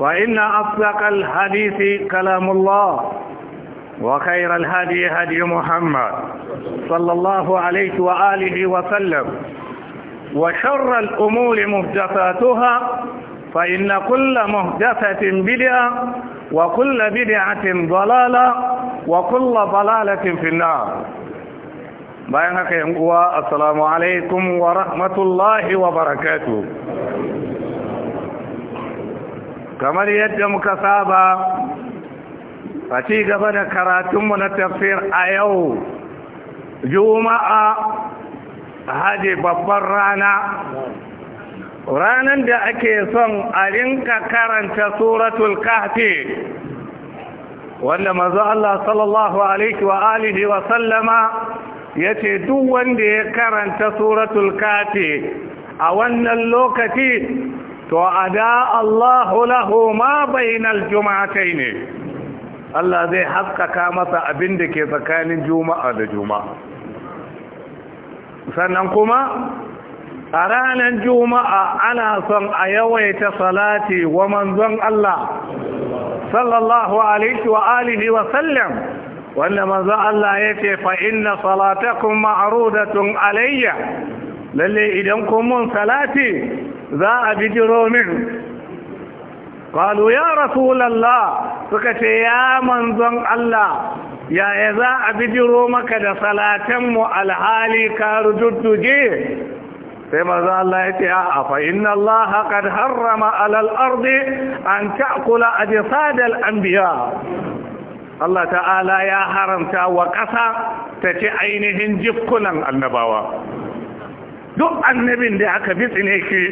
فإن أصدق الحديث كلام الله وخير الهدي هدي محمد صلى الله عليه وآله وسلم وشر الأمور مهدفاتها فإن كل مهدفة بدعة وكل بدعة ضلالة وكل ضلالة في النار بينك السلام عليكم ورحمة الله وبركاته kamar yadda muka saba a ci gaba da karatunmu na tafsir a yau juma'a haji babban rana ranar da ake son a rinka karanta suratul kahfi wanda mazu Allah sallallahu alaihi wa alihi wa sallama ya ce duk wanda ya karanta suratul kahfi a wannan lokaci to ada Allahu lahu ma bainal ne. Allah zai haskaka masa abin da ke tsakanin juma'a da juma'a sannan kuma a ranar juma'a ana son a yawaita salati wa manzon Allah sallallahu alaihi wa alihi wa sallam wanda manzon Allah ya ce fa inna salatakum ma'rudatun alayya lalle idan kun mun salati za a bijiro min qalu ya rasulallah suka ce ya manzon Allah yaya za a bijiro maka da salatanmu alhali ka rujudduje sai maza Allah ya ce a fa inna Allah qad harrama alal ardi an ta'kula ajsad an biya. Allah ta'ala ya haramta wa ƙasa ta ci ainihin jikunan annabawa duk annabin da aka bi ne ke.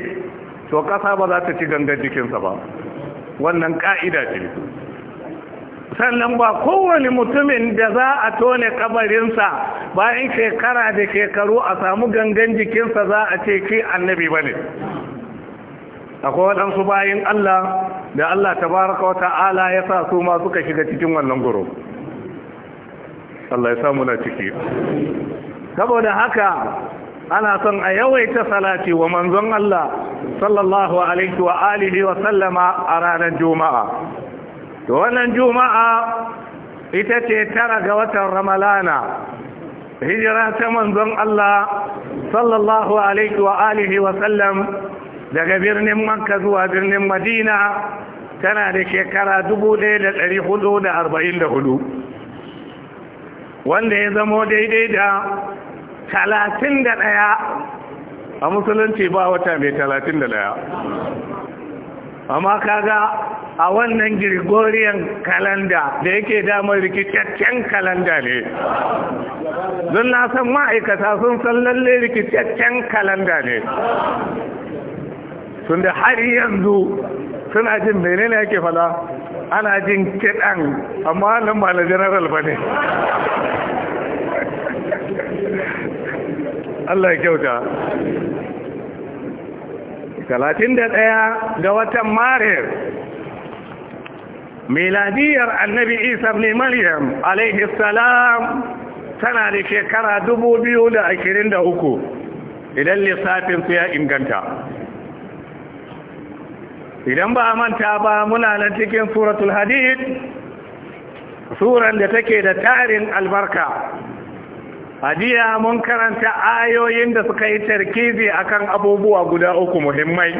to kasa ba za ta ci gangar jikinsa ba wannan ka'ida ce sannan ba kowane mutumin da za a tone kabarinsa bayan shekara da shekaru a samu gangan jikinsa za a ce ki annabi ba ne akwai waɗansu bayan Allah da Allah baraka wata ala ya sa su ma suka shiga cikin wannan guru Allah ya samu na ciki saboda haka ana son a yawaita salati wa manzon Allah sallallahu alaihi wa alihi wa sallama a ranar juma'a to wannan juma'a ita ce tara ga watan ramalana hijira ta manzon Allah sallallahu alaihi wa alihi wa sallam daga birnin makka zuwa birnin madina tana da shekara 1444 wanda ya zamo daidai da 31 a musulunci ba wata mai talatin da daya amma kaga a wannan gregorian kalanda da yake damar rikicaccen kalanda ne don na san ma'aikata sun san lalle rikicaccen kalanda ne sun da har yanzu suna jin menene yake fada ana jin kiɗan amma nan ba na general ba ne Allah ya kyauta talatin da ɗaya ga watan maris miladiyar annabi isa ne maryam alaihissalam tana da shekara uku, idan lissafinsu ya inganta idan ba manta ba muna nan cikin suratul hadid suran da take da tarin albarka hadiya mun karanta ayoyin da suka yi tarkizi akan abubuwa guda uku muhimmai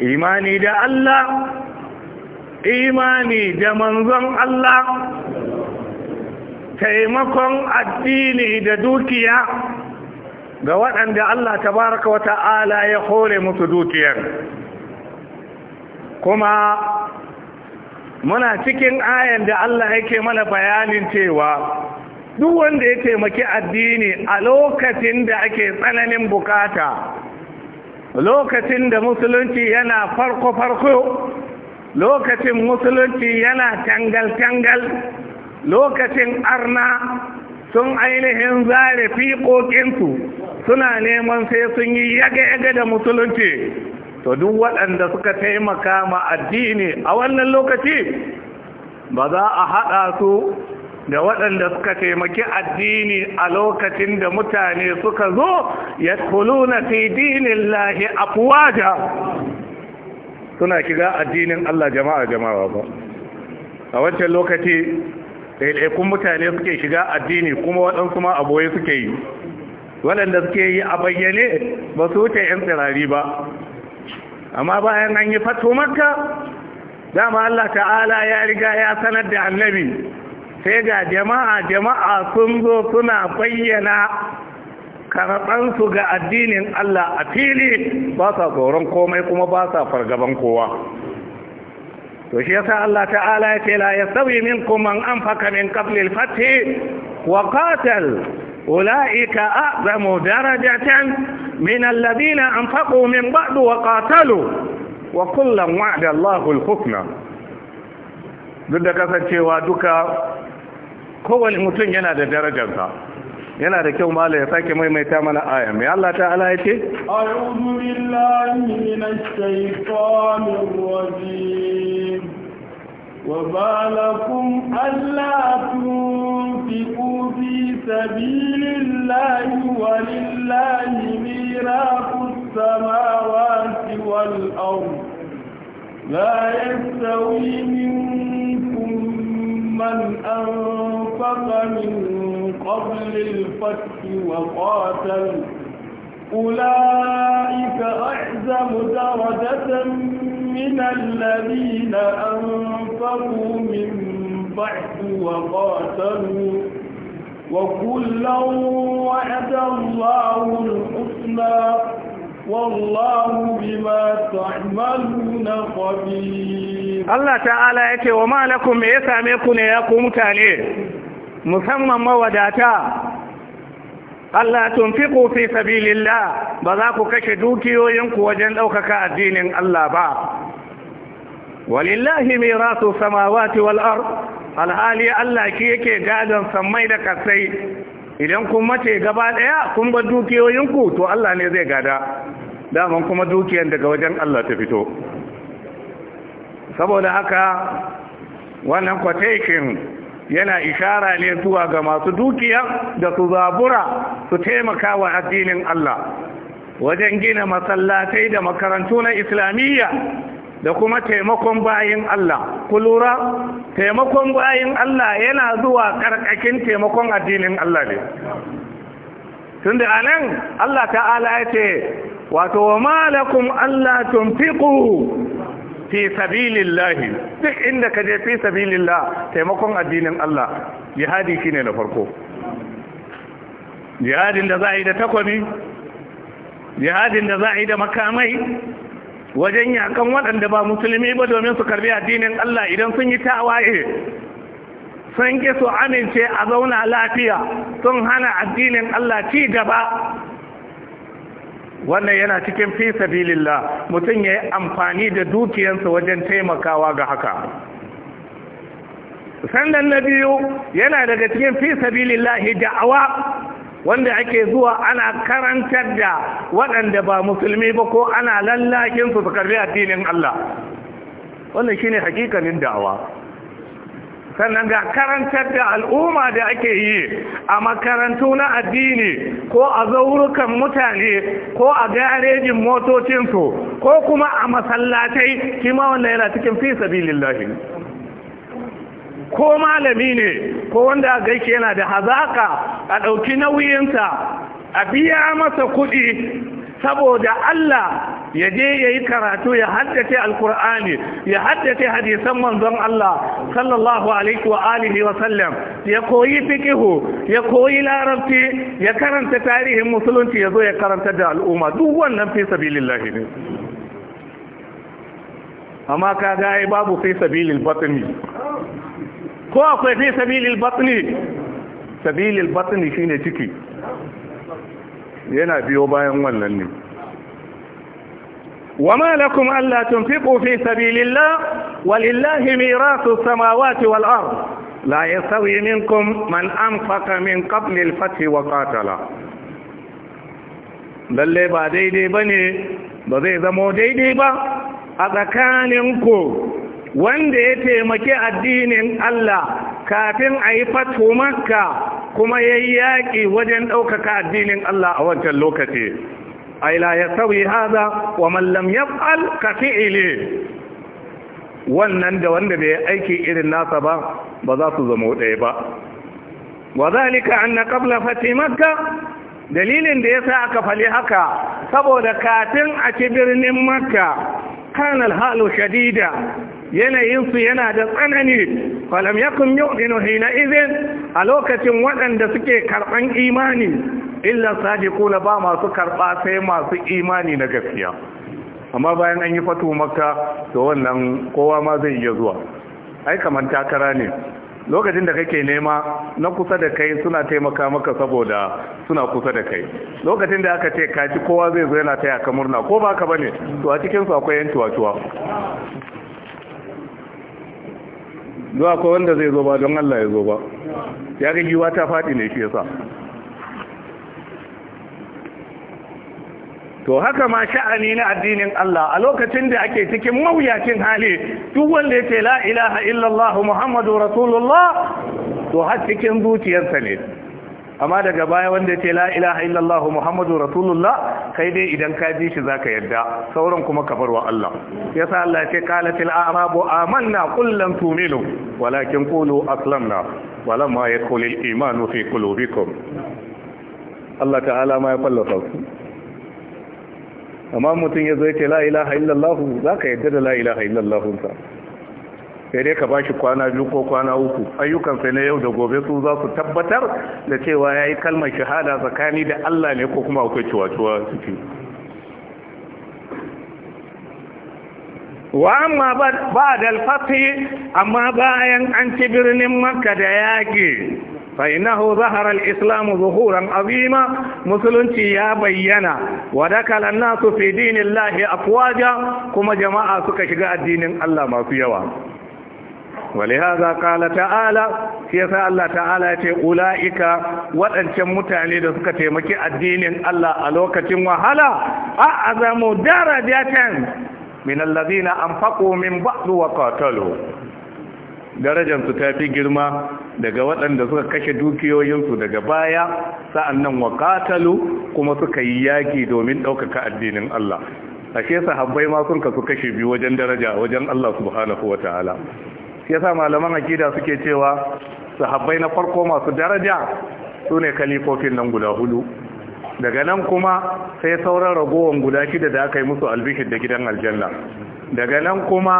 imani da Allah imani da manzon Allah taimakon addini da dukiya ga waɗanda Allah tabaraka wa ta'ala ya hore musu dukiyar kuma muna cikin ayan da Allah yake mana bayanin cewa duk wanda ya taimaki addini a lokacin da ake tsananin bukata lokacin da musulunci yana farko-farko lokacin musulunci yana tangal-tangal lokacin arna sun ainihin zare ƙoƙinsu suna neman sai sun yi yaga-yaga da musulunci to duk waɗanda suka taimaka ma addini a wannan lokaci ba za a haɗa su da waɗanda suka taimaki addini a lokacin da mutane suka zo ya kuluna fi dinin lahi afuwaja suna shiga addinin Allah jama'a jama'a ba a wancan lokaci ɗaiɗaikun mutane suke shiga addini kuma waɗansu ma aboye suke yi waɗanda suke yi a bayyane ba su wuce 'yan tsirari ba amma bayan an yi fato dama Allah ta'ala ya riga ya sanar da annabi sai ga jama'a jama'a sun zo suna bayyana karɓansu ga addinin Allah a fili ba sa tsoron komai kuma ba sa fargaban kowa to shi yasa Allah ta'ala ya ce la yasawi minkum man anfaqa min qabli al wa qatal ulaika a'zamu darajatan min alladhina anfaqu min ba'd wa qatalu wa kullan wa'ada Allahu al-husna duk da kasancewa duka kowane mutum yana da darajarsa yana da kyau mala ya sake maimaita mana aya mai Allah ta ala yake a'udhu billahi minash shaitanir rajim wa balakum alla tunfiqu fi sabilillahi wa lillahi miraqus samawati wal ard la yastawi minkum من أنفق من قبل الفتح وقاتل أولئك أعزم درجة من الذين أنفقوا من بعد وقاتلوا وكلا وعد الله الحسنى Ta'ala بما تعملون خبير malakun تعالى ya same ku ne ميكون mutane, musamman مسمى موداتا Allah tun fi ƙofi sabilillah ba za ku kashe dukiyoyinku wajen ɗaukaka addinin Allah ba. Walillahi mai rasu samawati wal'ar, alhali Allah ki yake gadon samai da kasai, idan kun mace gaba ɗaya kun bar dukiyoyinku to Allah ne zai gada. daman kuma dukiyar daga wajen Allah ta fito saboda haka wannan quotation yana ishara ne zuwa ga masu dukiyar da su zabura su taimaka wa addinin Allah wajen gina masallatai da makarantu na islamiyya da kuma taimakon bayin Allah kulura taimakon bayin Allah yana zuwa karkakin taimakon addinin Allah ne tunda anan Allah ta'ala ya ce wato wa malakum Allah tunfiqu fi sabilillahi duk inda ka je fi sabilillah taimakon addinin Allah jihadi shine na farko jihadin da za a yi da takwami jihadin da za a yi da makamai wajen yakan waɗanda ba musulmi ba domin su karbi addinin Allah idan sun yi tawaye sun ki su amince a zauna lafiya sun hana addinin Allah ci gaba wannan yana cikin fi sabilillah mutum ya yi amfani da dukiyarsa wajen taimakawa ga haka sannan na biyu yana daga cikin fi sabilillah da'awa wanda ake zuwa ana karantar da waɗanda ba musulmi ba ko ana lallakin su su karbi addinin Allah wannan shine hakikanin da'awa sannan ga karantar da al'umma da ake yi a makarantu na addini ko a zaurukan mutane ko a garejin motocinsu ko kuma a masallatai kima wanda yana cikin fi lillahi. ko malami ne ko wanda gaike yana da hazaka a ɗauki nauyinsa a biya masa kuɗi saboda Allah ya je ya yi karatu ya haddace alkur'ani ya haddace hadisan manzon Allah sallallahu alaihi wa alihi wa sallam ya koyi fiqihu ya koyi larabci ya karanta tarihin musulunci ya zo ya karanta da al'umma duk wannan fi sabilillah ne amma kaga ai babu fi sabilil batni ko akwai fi sabilil batni sabilil batni shine ciki yana biyo bayan wannan ne وما لكم ألا تنفقوا في سبيل الله ولله ميراث السماوات والأرض لا يستوي منكم من أنفق من قبل الفتح وقاتل lalle ba daidai ba ne ba zai zamo daidai ba a tsakaninku wanda ya taimaki addinin Allah kafin a yi fatu kuma ya yi yaƙi wajen ɗaukaka addinin Allah a wancan lokaci A la sauyi haza wa Mallam ya yaf'al ka wannan da wanda bai aiki irin nasa ba ba za su zama ɗaya ba wa zalika anna qabla fati makka dalilin da yasa aka fali haka saboda kafin a ci birnin makka kana alhalu shadida yanayin su yana da tsanani falam yakun yu'minu hina idhin a lokacin waɗanda suke karɓan imani illa sadiquna ba masu karba sai masu imani na gaskiya amma bayan an yi fatu makka to wannan kowa ma zai iya zuwa ai kamar takara ne lokacin da kake nema na kusa da kai suna taimaka maka saboda suna kusa da kai lokacin da aka ce kaci kowa zai zo yana taya ka murna ko ba ka bane to a cikin su akwai yan tuwatuwa zuwa ko wanda zai zo ba don Allah ya zo ba ya ga giwa ta faɗi ne shi yasa to haka ma sha'ani na addinin Allah a lokacin da ake cikin mawuyacin hali duk wanda ya ce la ilaha illallah muhammadu rasulullah to har cikin zuciyarsa ne amma daga baya wanda ya ce la ilaha illallah muhammadu rasulullah kai dai idan ka ji shi zaka yadda sauran kuma ka wa Allah yasa Allah ya ce qalatil a'rabu amanna qul lam tu'minu walakin qulu aslamna walamma yadkhulul imanu fi qulubikum Allah ta'ala ma ya fallasa su amma mutum ya zo ce la za ka yadda da la ilaha sa sai dai ka ba shi kwana biyu ko kwana uku ayyukan sai na yau da gobe su za su tabbatar da cewa ya yi kalmar shahada tsakani da Allah ne ko kuma akwai ciwacuwa ciki wa amma ba da amma bayan an ci birnin makka da yaƙi fa innahu zahara al-islam zuhuran azima musulunci ya bayyana wa dakala an dinillahi afwaja kuma jama'a suka shiga addinin Allah masu yawa ولهذا قال تعالى سيسا الله تعالى أولئك وأنشم متعني لسكة مكي الدين الله ألوكة وهلا أعظم درجة من الذين أنفقوا من بعض وقاتلوا darajarsu ta fi girma daga waɗanda suka kashe dukiyoyinsu daga baya sa'annan wa kuma suka yi yaƙi domin ɗaukaka addinin Allah ashe sahabbai ma sun kasu kashe biyu wajen daraja wajen Allah subhanahu wataala shi yasa malaman akida suke cewa sahabbai na farko masu daraja su sune kalifofin nan guda hudu daga nan kuma sai sauran ragowar guda shida da aka yi musu albishir da gidan aljanna daga nan kuma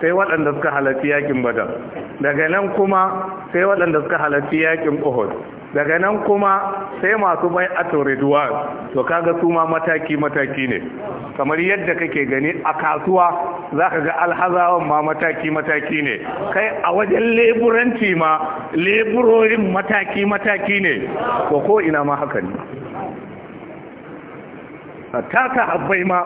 sai waɗanda suka halarci yakin badar daga nan kuma sai waɗanda suka halarci yakin uhud daga nan kuma sai masu bai a turidwan to kaga su ma mataki-mataki ne kamar yadda kake gani a kasuwa za ka ga alhazawan ma mataki-mataki ne kai a wajen leburanci ma leburorin mataki-mataki ne ko ko ina ma haka ne ta ta habbai ma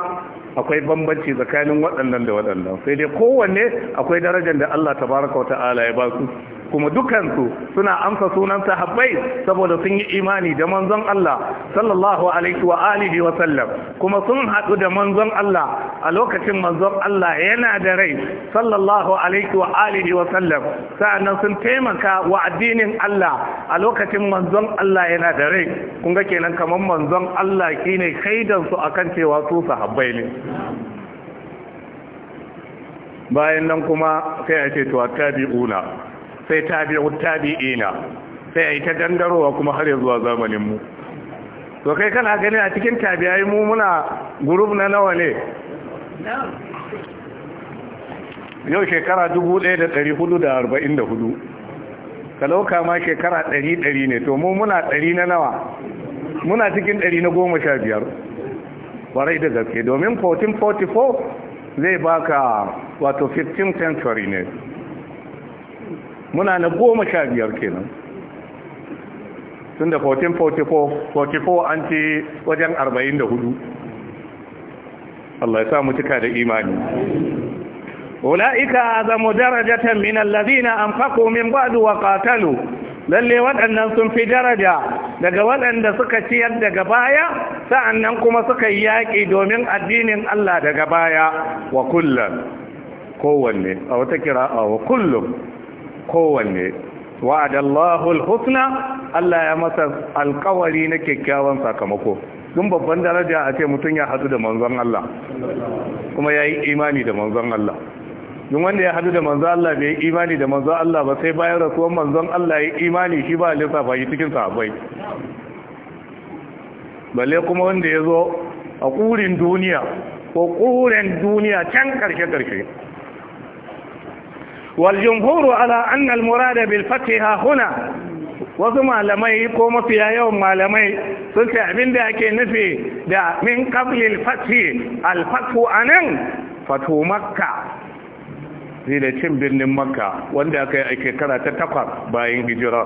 akwai bambanci tsakanin waɗannan da waɗannan sai dai kowanne akwai darajar da Allah tabaraka wa ta'ala ya ba su kuma dukansu suna amsa sunan sahabbai saboda sun yi imani da manzon Allah sallallahu alaihi wa alihi wa sallam kuma sun haɗu da manzon Allah a lokacin manzon Allah yana da rai sallallahu alaihi wa alihi wa sallam sa'annan sun taimaka wa addinin Allah a lokacin manzon Allah yana da rai kun ga kenan kamar manzon Allah shine kaidan su akan cewa su sahabbai ne bayan nan kuma sai a ce to tabi'una sai tabi'u tabi'ina sai a yi ta dandarowa kuma har zuwa zamanin mu to kai kana gani a cikin tabi'ai mu muna group na nawa ne yau shekara 1444 talauka ma shekara 100 ne to mu muna 100 na nawa muna cikin 100 na 15 warai da gaske domin 1444 zai baka wato 15th century ne muna na goma sha biyar kenan tun da 1444 44 an ce wajen 44 Allah ya sa mu cika da imani ula'ika azamu darajatan min allazina anfaqu min ba'du wa lalle waɗannan sun fi daraja daga waɗanda suka ciyar daga baya sa'annan kuma suka yi yaƙi domin addinin Allah daga baya wa kullum kowanne a wata kira a wa kullum kowanne wa'adallahu alhusna Allah ya masa alkawari na kyakkyawan sakamako dun babban daraja a ce mutum ya hadu da manzon Allah kuma ya yi imani da manzon Allah dun wanda ya hadu da manzon Allah bai yi imani da manzon Allah ba sai bayan rasuwan manzon Allah ya yi imani shi ba lissafa yi cikin sahabbai balle kuma wanda ya zo a ƙurin duniya ko ƙuren duniya can karshe karshe والجمهور على أن المراد بالفتح هنا wasu malamai ko mafi yawan malamai sun ce abin da ake nufi da min kafin fati alfatu a nan fato makka zilacin birnin makka wanda aka yi ake karata takwar bayan hijira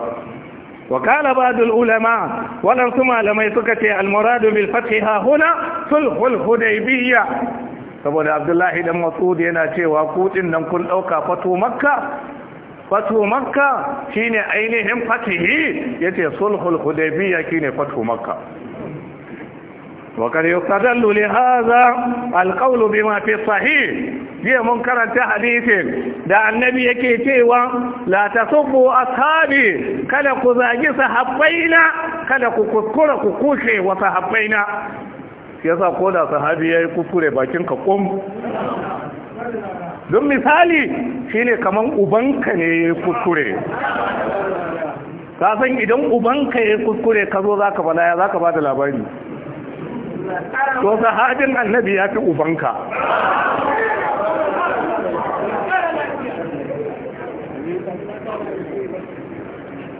wakala badul ulama waɗansu malamai suka ce almuradu bil fati ha huna sulhul hudaibiyya saboda abdullahi dan masud yana cewa kudin nan kun dauka fatu makka makka shine ainihin fatihi yace sulhul hudaybiyya shine fato makka وقد يستدل لهذا القول بما في الصحيح هي منكرة Kada ku النبي يكي تيوى لا تصبوا أصحابي كلك ذاجي صحبينا كلك كذكرك كوشي وصحبينا yasa ko da sahabi yayi kuskure bakin ka kum don misali shine kamar ubanka ne yayi kuskure Kasan idan idan ubanka yayi kuskure ka zo zaka bala ya zaka bada labari to sahabin annabi ya fi ubanka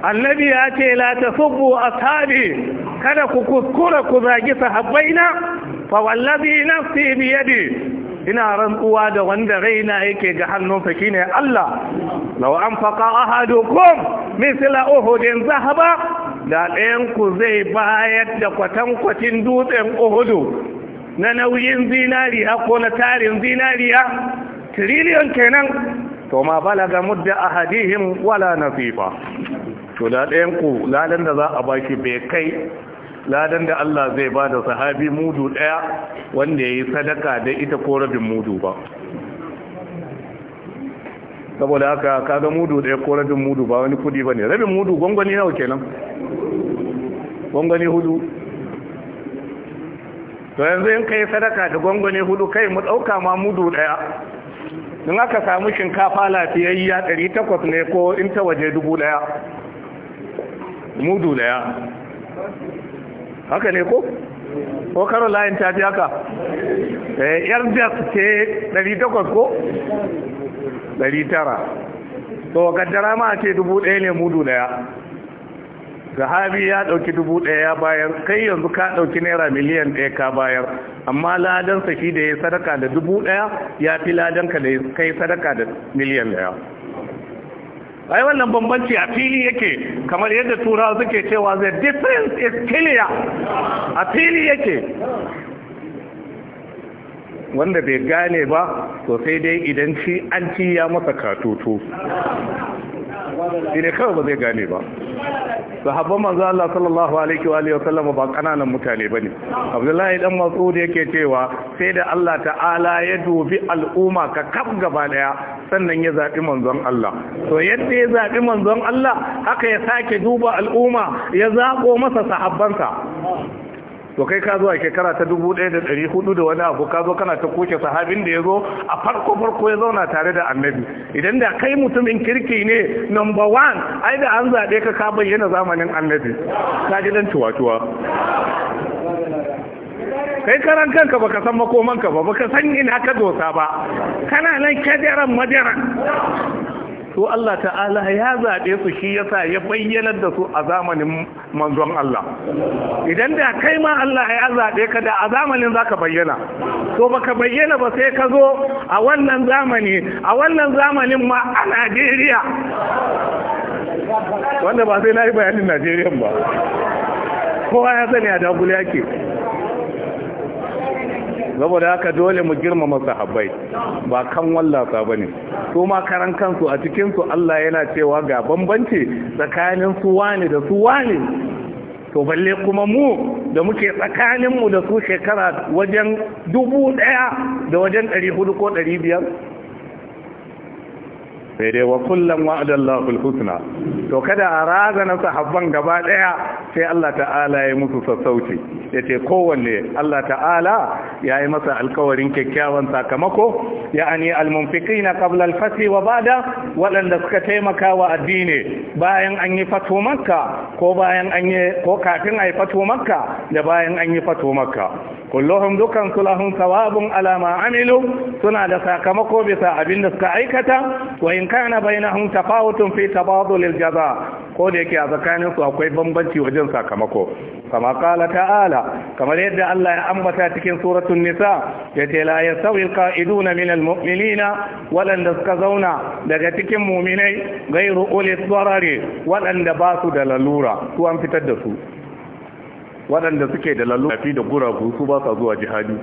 annabi ya ce la tasubbu ashabi kada ku kuskura ku zagi sahabbaina fa wallazi nafsi bi yadi ina rantsuwa da wanda raina yake ga hannun faki shine Allah law anfaqa ahadukum mithla uhudin zahaba da ɗayan ku zai bayar da kwatankwacin dutsen uhudu na nauyin zinariya ko na tarin zinariya tiriliyon kenan to ma balaga mudda ahadihim wala nasifa to da ɗayan ku ladan da za a baki bai kai ladan da Allah zai ba da sahabi mudu ɗaya wanda ya yi sadaka da ita ko rabin mudu ba saboda haka kaga mudu ɗaya ko rabin mudu ba wani kudi ba ne rabin mudu gwangwani nawa kenan gwangwani hudu to yanzu in kai sadaka da gwangwani hudu kai mu ɗauka ma mudu ɗaya in aka samu shinkafa lafiyayya ɗari takwas ne ko in ta waje dubu ɗaya mudu daya haka ne ko? ko karo layin ta fi haka eh, yar das ce 800 ko? 900 to kaddara ma ce 1000 ne mudu daya sahabi ya dauki 1000 ya bayar kai yanzu ka dauki naira miliyan 1 ka bayar amma ladansa shi da ya sadaka da 1000 ya fi ladanka da kai sadaka da miliyan 1 ai wannan bambanci a fili yake kamar yadda turawa suke cewa the difference is clear a fili yake wanda bai gane ba sosai dai idan shi an ci ya masa katutu shi ne kawai ba zai gane ba sahabban manzo Allah sallallahu alaihi wa alihi ba ƙananan mutane ne. Abdullahi dan Mas'ud yake cewa sai da Allah ta'ala ya dubi al'umma ka kaf gaba ɗaya sannan ya zaɓi manzon Allah to yadda ya zaɓi manzon Allah haka ya sake duba al'umma ya zaɓo masa sahabbansa to kai ka zo a shekara ta dubu ɗaya da ɗari hudu da wani abu ka zo kana ta koke sahabin da ya zo a farko farko ya zauna tare da annabi idan da kai mutumin kirki ne number one ai da an zaɓe ka ka bayyana zamanin annabi ka ji dan tuwatuwa kai karan kanka baka san makomanka ba baka san ina ka dosa ba kana nan kadaran madaran su Allah ta'ala ya zaɓe su shi ya sa ya bayyana da su a zamanin manzon Allah idan da kai ma Allah ya zaɓe ka da a zamanin za ka bayyana to baka bayyana ba sai ka zo a wannan zamani a wannan zamanin ma a Najeriya wanda ba sai na yi bayanin Najeriya ba kowa ya sani a dagula yake saboda haka dole mu girmama sahabbai ba kan wallasa ne su ma karan kansu a cikin su Allah yana cewa ga bambanci tsakanin su wani da su wani to balle kuma mu da muke tsakanin mu da su shekara wajen dubu daya da wajen 400 ko 500 sai dai wa kullum wa'adallahu husna to kada a razana sahabban gaba daya sai Allah ta'ala ya yi musu sassauci ce kowanne Allah ta'ala ya yi masa alkawarin kyakkyawan sakamako ya'ani almunfiki na kablar fath wa ba'da waɗanda suka taimaka wa addini bayan an yi fatu makka ko bayan an yi ko kafin a yi fatu makka da bayan an yi fatu makka Kullum dukan sulahun sawabun ala ma amilu suna da sakamako bisa abin da suka aikata wa in kana bainahum tafawutun fi tabadul aljaza ko da yake a tsakanin su akwai bambanci wajen sakamako kama qala ta'ala kamar yadda Allah ya ambata cikin suratul nisa yace la yasawil qa'iduna min almu'minina walan suka zauna daga cikin mu'minai ghairu ulil darari walan dabasu da lalura an fitar da su waɗanda suke da lalura fi da guragu su ba sa zuwa jihadi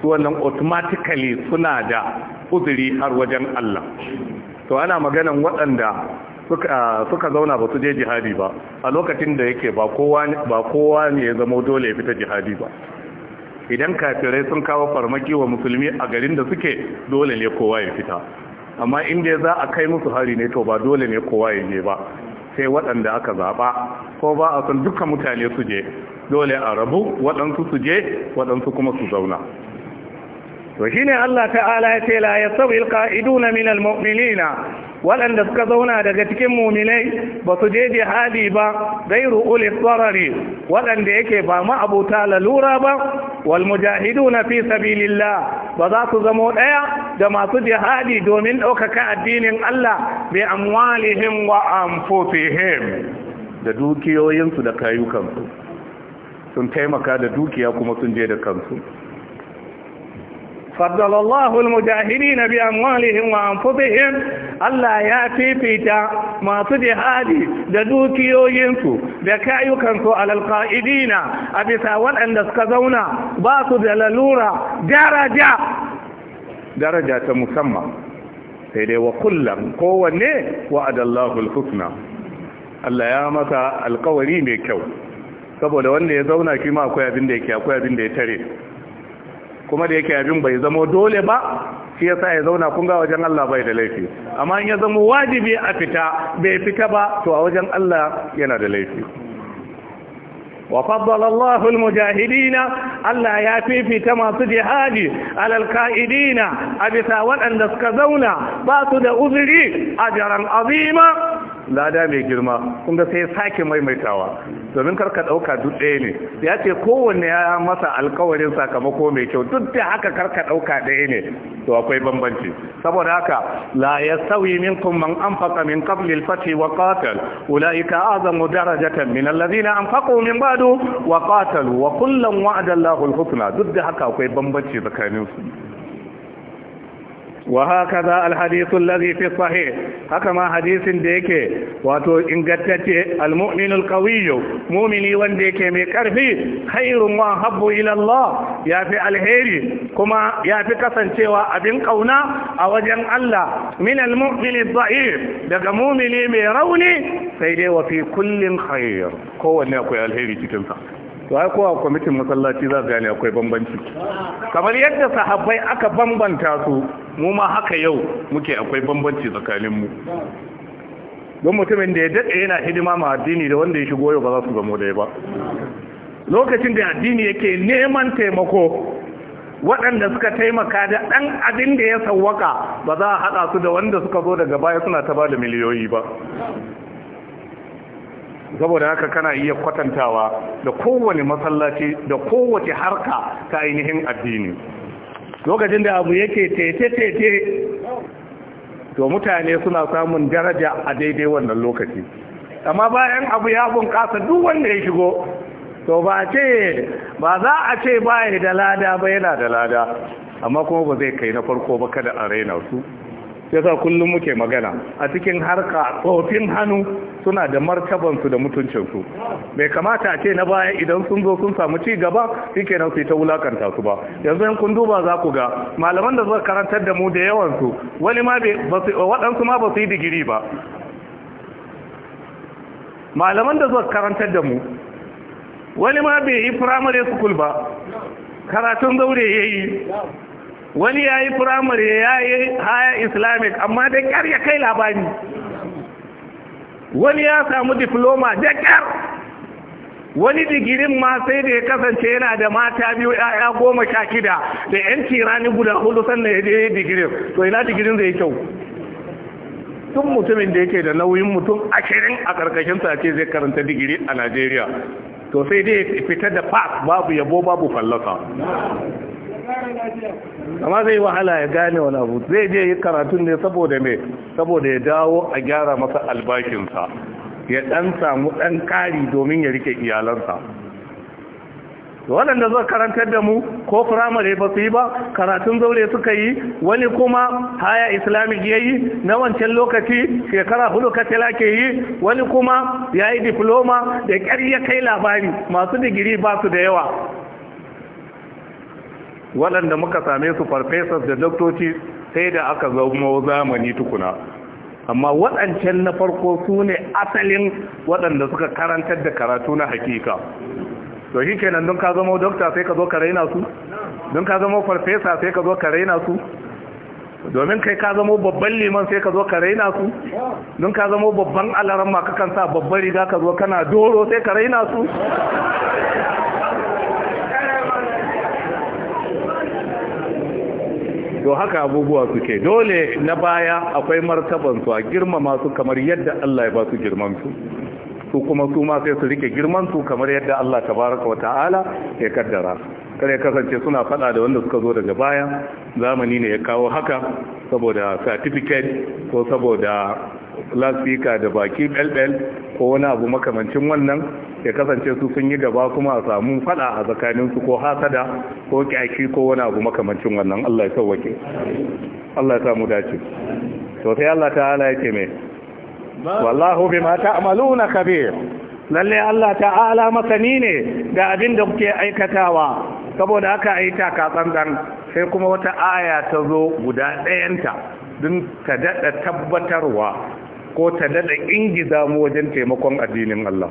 su wannan automatically suna da uzuri har wajen Allah to ana maganan waɗanda suka zauna ba su je jihadi ba a lokacin da yake ba kowa ne ya zama dole ya fita jihadi ba idan kafirai sun kawo farmaki wa musulmi a garin da suke dole ne kowa ya fita amma inda za a kai musu hari ne to ba dole ne kowa ya je ba sai waɗanda aka zaɓa ko ba a san duka mutane su je dole a rabu waɗansu su je waɗansu kuma su zauna to shi ne Allah ta'ala ya ce la ya ilka iduna min almu'minina waɗanda suka zauna daga cikin muminai ba su je jihadi ba gairu uli tsarari waɗanda yake ba ma abuta lalura ba wal mujahiduna fi sabilillah ba za su zamo ɗaya da masu jihadi domin ɗaukaka addinin Allah bi amwalihim wa anfusihim da dukiyoyinsu da kayukansu sun taimaka da dukiya kuma sun je da kansu فضل الله المجاهدين بأموالهم وأنفسهم Allah ya fifita masu jihadi da dukiyoyinsu da kayukansu alal qa'idina a bisa waɗanda suka zauna ba su da lalura daraja daraja ta musamman sai dai wa kullum kowanne wa'adallahu al Allah ya masa alkawari mai kyau saboda wanda ya zauna shi ma akwai abin da yake akwai abin da ya tare kuma da yake abin bai zama dole ba shi yasa ya zauna kun ga wajen Allah bai da laifi amma in ya zama wajibi a fita bai fita ba to a wajen Allah yana da laifi wa faddala Allahu al-mujahidina Allah ya fifita masu jihadi alal ka'idina a bisa waɗanda suka zauna ba su da uzuri ajran azima lada mai girma kun ga sai sake maimaitawa domin karka ɗauka duk ɗaya ne ya ce kowanne ya masa alkawarin sakamako mai kyau duk da haka karka ɗauka ɗaya ne to akwai bambanci saboda haka la ya sauyi minkum man anfaqa min qabli al-fathi wa qatal ulaika azamu darajatan min alladhina anfaqu min ba'du wa qatalu wa kullan wa'adallahu Allahu al-husna duk da haka akwai bambanci tsakanin su wa haka za alhadisun lazifi sahi haka ma hadisin da yake wato Inganta ce almu'minul kawiyo mumini wanda yake mai ƙarfi, khairun wa habbu ilallah ya fi alheri kuma ya fi kasancewa abin ƙauna a wajen Allah min almu'mini dha'if daga mumini mai rauni sai dai wafi fi kullin khair kowanne akwai alheri cikinsa to ai kowa kwamitin masallaci za gane akwai bambanci kamar yadda sahabbai aka bambanta su mu ma haka yau muke akwai bambanci tsakanin mu don mutumin da ya dade yana hidima ma addini da wanda ya shigo yau ba za su zamo da ba lokacin da addini yake neman taimako waɗanda suka taimaka da ɗan abin da ya sauwaka ba za a haɗa su da wanda suka zo daga baya suna ta ba da miliyoyi ba saboda haka kana iya kwatantawa da kowane masallaci da kowace harka ta ainihin addini lokacin da abu yake tete-tete to mutane suna samun daraja a daidai wannan lokaci amma bayan abu ya bunƙasa duk wanda ya shigo to ba ce ba za a ce baya da lada ba yana da lada amma kuma ba zai kai na farko ba kada a raina su yasa kullum muke magana a cikin harka tsofin hannu suna da martabansu da mutuncinsu bai kamata a ce na baya idan sun zo sun samu ci gaba suke nan su ta wulakanta su ba yanzu yan kun duba za ku ga malaman da suka karantar da mu da yawansu wani ma waɗansu ma ba su yi digiri ba malaman da zuwa karantar da mu wani ma bai yi firamare sukul ba karatun zaure ya yi wani ya yi firamare ya yi haya islamic amma da kyar ya kai labari wani ya samu diploma da kyar wani digirin ma sai da ya kasance yana da mata biyu ya'ya goma sha shida da yanci rani guda hudu sannan ya je digirin to ina digirin zai kyau tun mutumin da yake da nauyin mutum ashirin a ƙarƙashin sace zai karanta digiri a najeriya to sai dai fita da fas babu yabo babu fallasa amma zai yi wahala ya gane wani abu zai je yi karatun ne saboda mai saboda ya dawo a gyara masa albashinsa ya dan samu dan kari domin ya rike iyalansa waɗanda zuwa karantar da mu ko firamare ba su yi ba karatun zaure suka yi wani kuma haya islamic ya yi na wancan lokaci shekara hudu tela ke yi wani kuma ya yi diploma da ƙyar ya kai labari masu digiri ba su da yawa waɗanda muka same su farfesas da doktoci sai da aka zama zamani tukuna amma waɗancan na farko su ne asalin waɗanda suka karantar da karatu na hakika to shi kenan don ka zama dokta sai ka zo ka raina su don ka zama farfesa sai ka zo ka raina su domin kai ka zama babban liman sai ka zo ka raina su don ka zama babban alaran ma kakan sa babban riga ka zo kana doro sai ka raina su to haka abubuwa suke dole na baya akwai martabansu a girmama su kamar yadda Allah ya ba su girmansu su kuma su ma sai su rike girmansu kamar yadda Allah tabaraka wa ta'ala ya kaddara kare kasance suna fada da wanda suka zo daga baya zamani ne ya kawo haka saboda certificate ko saboda lasfika da baki belbel ko wani abu makamancin wannan ya kasance su sun yi gaba kuma a samu fada a tsakaninsu ko hasada ko kyaki ko wani abu makamancin wannan Allah ya sauwake Allah ya samu dace to sai Allah ta'ala yake mai wallahu bima ta'maluna kabir lalle Allah ta'ala masani ne da abin da kuke aikatawa saboda haka ai ta ka tsantsan sai kuma wata aya ta zo guda ɗayanta din ta daɗa tabbatarwa ko ta dada ingiza mu wajen taimakon addinin Allah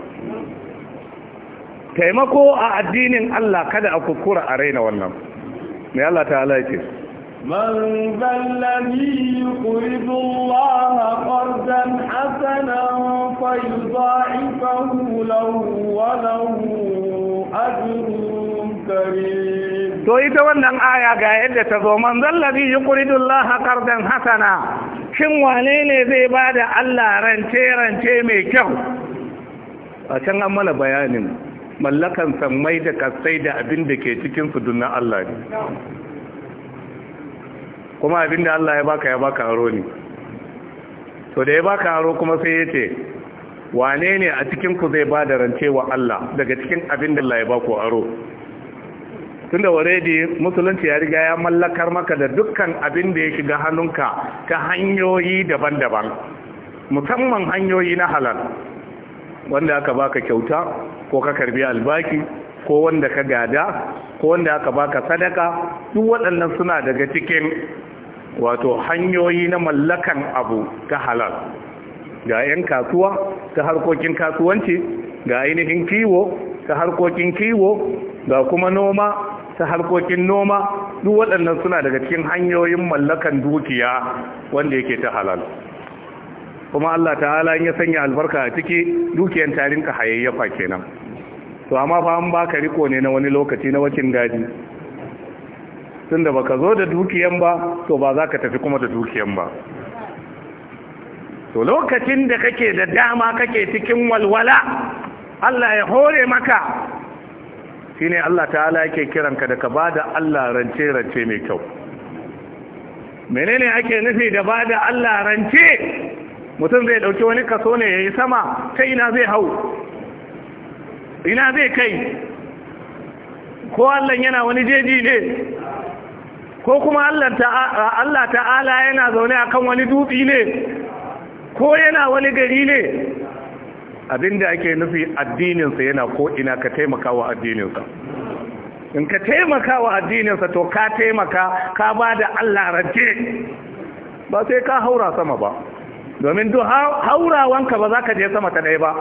taimako a addinin Allah kada a kukura a raina wannan mai Allah ta halaye من ذا الذي يقرض الله قرضا حسنا فيضاعفه له وله أجر كريم to ita wannan aya ga yadda ta zo man zallabi yuqridu Allah qardan hasana shin wane ne zai da Allah rance rance mai kyau a can an mana bayanin mallakan sammai da kasai da abin da ke cikin su dunna Allah ne kuma abin da Allah ya baka ya baka aro ne to da ya baka aro kuma sai ya ce wane ne a cikin ku zai ba da rance wa Allah daga cikin abin da Allah ya baku aro tunda already musulunci ya riga ya mallakar maka da dukkan abin da ya shiga hannunka ta hanyoyi daban-daban musamman hanyoyi na halal wanda aka baka kyauta ko ka karbi albaki ko wanda ka gada ko wanda aka baka sadaka duk waɗannan suna daga cikin wato hanyoyi na mallakan abu ta halal ga 'yan kasuwa ta harkokin kasuwanci ga ainihin kiwo ta harkokin kiwo ga kuma noma ta harkokin noma duk waɗannan suna daga cikin hanyoyin mallakan dukiya wanda yake ta halal kuma Allah ta'ala ya sanya albarka a ciki dukiyar tarinka hayayyafa kenan to amma fa an baka riko ne na wani lokaci na wakin gadi tunda baka zo da dukiyan ba to ba za ka tafi kuma da dukiyan ba to lokacin da kake da dama kake cikin walwala Allah ya hore maka shine Allah ta'ala yake ka da ka bada Allah rance rance mai kyau menene ake nufi da bada Allah rance mutum zai dauki wani kaso ne yayi sama kai na zai hau ina zai kai ko Allah yana wani jeji ne ko kuma Allah ta'ala yana zaune a kan wani dutse ne ko yana wani gari ne abinda ake nufi addininsa yana ko ina ka taimaka wa addininsa in ka taimaka wa addininsa to ka taimaka ka ba da Allah rance ba sai ka haura sama ba domin duk haurawanka ba za ka je sama ta ɗaya ba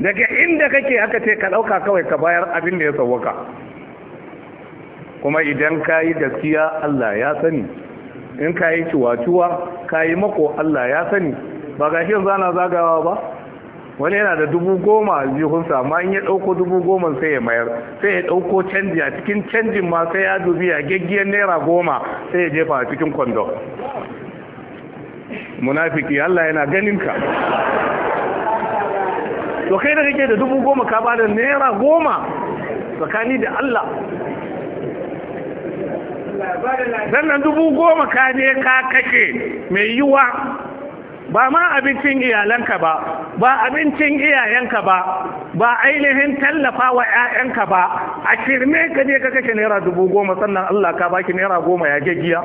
daga inda kake aka ce ka ɗauka kawai ka bayar abin da ya sauwaka kuma idan ka yi gaskiya Allah ya sani in ka yi ciwa-ciwa ka yi mako Allah ya sani ba ga shi zana zagawa ba wani yana da dubu goma jihunsa amma in ya dauko dubu goma sai ya mayar sai ya dauko canji a cikin canjin ma sai ya dubi a gaggiyar naira goma sai ya jefa a cikin kwando munafiki Allah yana ganinka to kai da kake da dubu goma ka bada naira goma tsakani da Allah sannan dubu goma ka ne ka kake mai yiwa ba ma abincin iyalanka ba ba abincin iyayenka ba ba ainihin tallafa wa 'ya'yanka ba a shirme ka ne ka kake naira dubu goma sannan Allah ka baki naira goma ya gajiya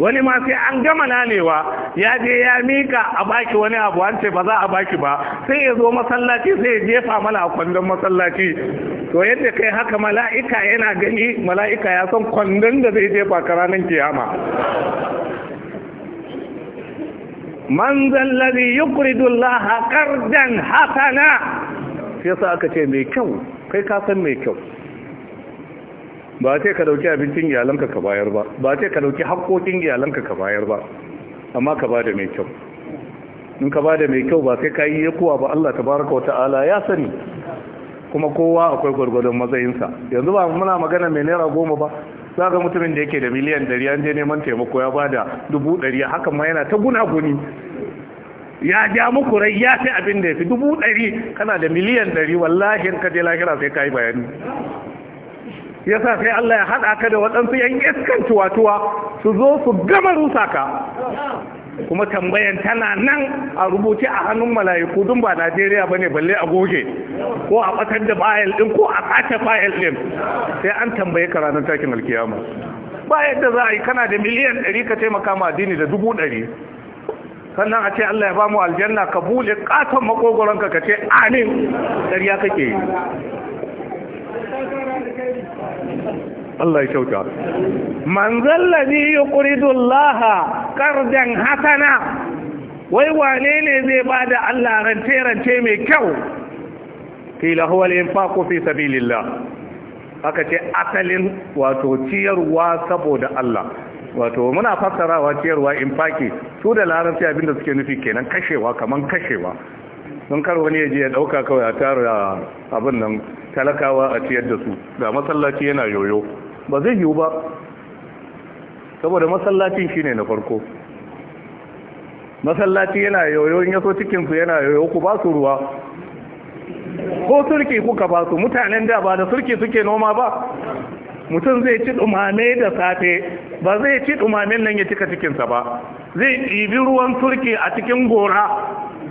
wani ma sai an gama nanewa ya je ya mika a baki wani abu an ce ba za a baki ba sai ya zo masallaci sai ya jefa mana a kwandon masallaci to yadda kai haka mala'ika yana gani mala'ika ya san kwandon da zai jefa ka ranar kiyama man zallabi yukridu Allah dan hasana sai sa aka ce mai kyau kai ka san mai kyau ba ce ka dauki abincin iyalanka ka bayar ba ba ce ka dauki haƙoƙin iyalanka ka bayar ba amma ka bada mai kyau in ka bada mai kyau ba sai ka yi yakuwa ba Allah tabaraka wata'ala ya sani kuma kowa akwai gwargwadon mazayinsa yanzu ba muna magana mai naira goma ba za ga mutumin da yake da miliyan ɗari an je neman taimako ya bada dubu ɗari hakan ma yana ta gunaguni ya ja muku rai ya sai abin da ya fi dubu ɗari kana da miliyan ɗari wallahi ka je lahira sai ka yi bayani ya sa sai Allah ya haɗa ka da waɗansu yan iskan tuwatuwa su zo su gama rusa ka kuma tambayan tana nan a rubuce a hannun malayiku dun ba Najeriya ne balle a goge ko a ɓatar da fayil ɗin ko a kace fayil ɗin sai an tambaye ka ranar takin alkiyama ba yadda za a yi kana da miliyan ɗari ka taimaka ma addini da dubu ɗari sannan a ce Allah ya ba mu aljanna ka bude katon makogoron ka ka ce amin ya kake yi Allah ya kyauta man zallazi yuqridu Allah hasana wai wane ne zai ba da Allah rance rance mai kyau kila huwa al faƙo fi sabilillah aka ce asalin wato ciyarwa saboda Allah wato muna fassarawa ciyarwa infaki su da larabci abinda suke nufi kenan kashewa kaman kashewa don kar wani ya je ya dauka kawai a tara abin nan talakawa a ciyar da su ga masallaci yana yoyo ba zai yiwu ba saboda masallacin shine na farko masallaci yana yoyo in yaso cikinsu yana yoyo ku ba su ruwa ko surki kuka ba su mutanen da ba da surki suke noma ba mutum zai ci dumame da safe ba zai ci dumamen nan ya cika cikinsa ba zai ɗibi ruwan surki a cikin gora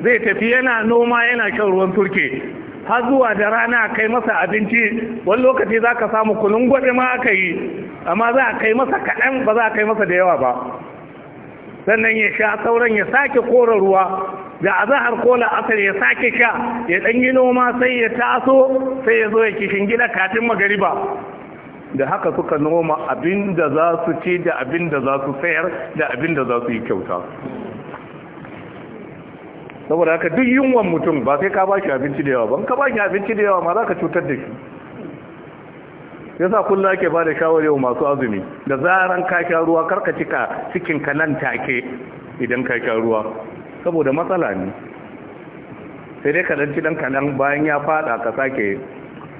zai tafi yana noma yana shan ruwan surki. har zuwa da rana a kai masa abinci wani lokaci za ka samu kunun gwade ma aka yi amma za a kai masa kaɗan ba za a kai masa da yawa ba sannan ya sha sauran ya sake kora ruwa da a zahar kola asar ya sake sha ya ɗan yi noma sai ya taso sai ya zo ya kishin gida katin magariba da haka suka noma abin da za su ci da abin da za su sayar da abin da za su yi kyauta saboda haka duk yunwan mutum ba sai ka ba shi abinci da yawa ba ka ba shi abinci da yawa ma za ka cutar da shi yasa kullum ake ba da shawari yau masu azumi da zaran ka sha ruwa karka cika cikin ka nan take idan ka sha ruwa saboda matsala ne sai dai ka danci dan kaɗan bayan ya fada ka sake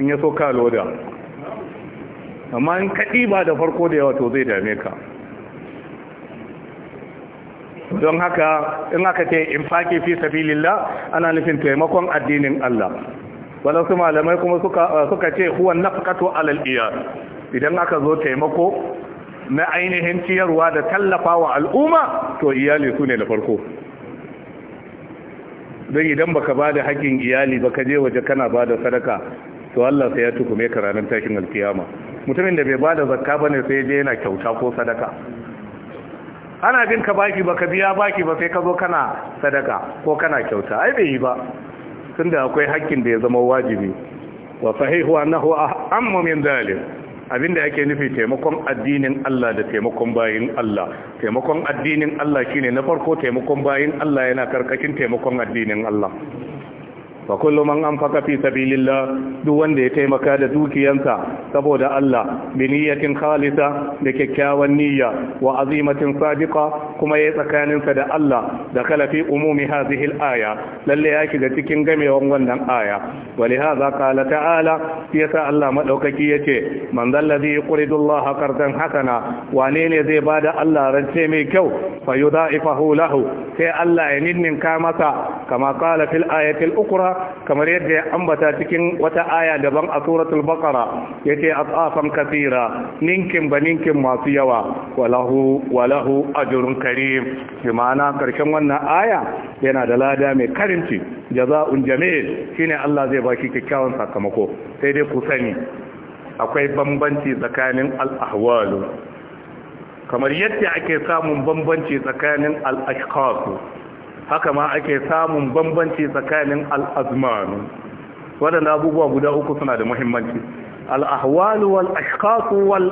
in ya so ka loda amma in ka ɗiba da farko da yawa to zai dame ka don haka in aka ce infaki fi sabilillah ana nufin taimakon addinin Allah wala su malamai kuma suka ce huwa nafqatu alal iya. idan aka zo taimako na ainihin ciyarwa da tallafawa al'umma to iyali su ne da farko don idan baka ba da haƙƙin iyali baka je waje kana bada sadaka to Allah sai ya tukume ka ranar tashin alkiyama mutumin da bai ba da zakka bane sai je yana kyauta ko sadaka ana bin ka baki ba ka biya baki ba sai ka zo kana sadaka ko kana kyauta ai bai yi ba tunda akwai hakkin da ya zama wajibi wa sahihu annahu amma min zalim abinda yake nufi taimakon addinin Allah da taimakon bayin Allah taimakon addinin Allah shine na farko taimakon bayin Allah yana karkashin taimakon addinin Allah fa kullu man anfaqa fi sabilillah duk wanda ya taimaka da dukiyansa saboda Allah bi niyyatin khalisa da kyakkyawan niyya wa azimatin sadiqa kuma yayi tsakaninsa da Allah da kala fi umumi hadhihi al-aya lalle ya shiga cikin gamewan wannan aya walihaza qala ta'ala yasa Allah madaukaki yace man zalladhi yuridu Allah qardan hasana wane ne zai bada Allah rance mai kyau fa yudaifahu lahu sai Allah ya ninninka masa kama qala fil ayati al-ukhra kamar yadda ya ambata cikin wata aya daban a suratul baqara yace tsafan kathira ninkin ba ninkin masu yawa walahu walahu ajrun karim bi karshen wannan aya yana da lada mai karinci jaza'un jamil shine Allah zai baki kikkiawan sakamako sai dai ku sani akwai bambanci tsakanin al kamar yadda ake samun bambanci tsakanin al haka ma ake samun bambanci tsakanin al'azmanu waɗanda abubuwa guda uku suna da muhimmanci al'ahwalu wal ashkasu wal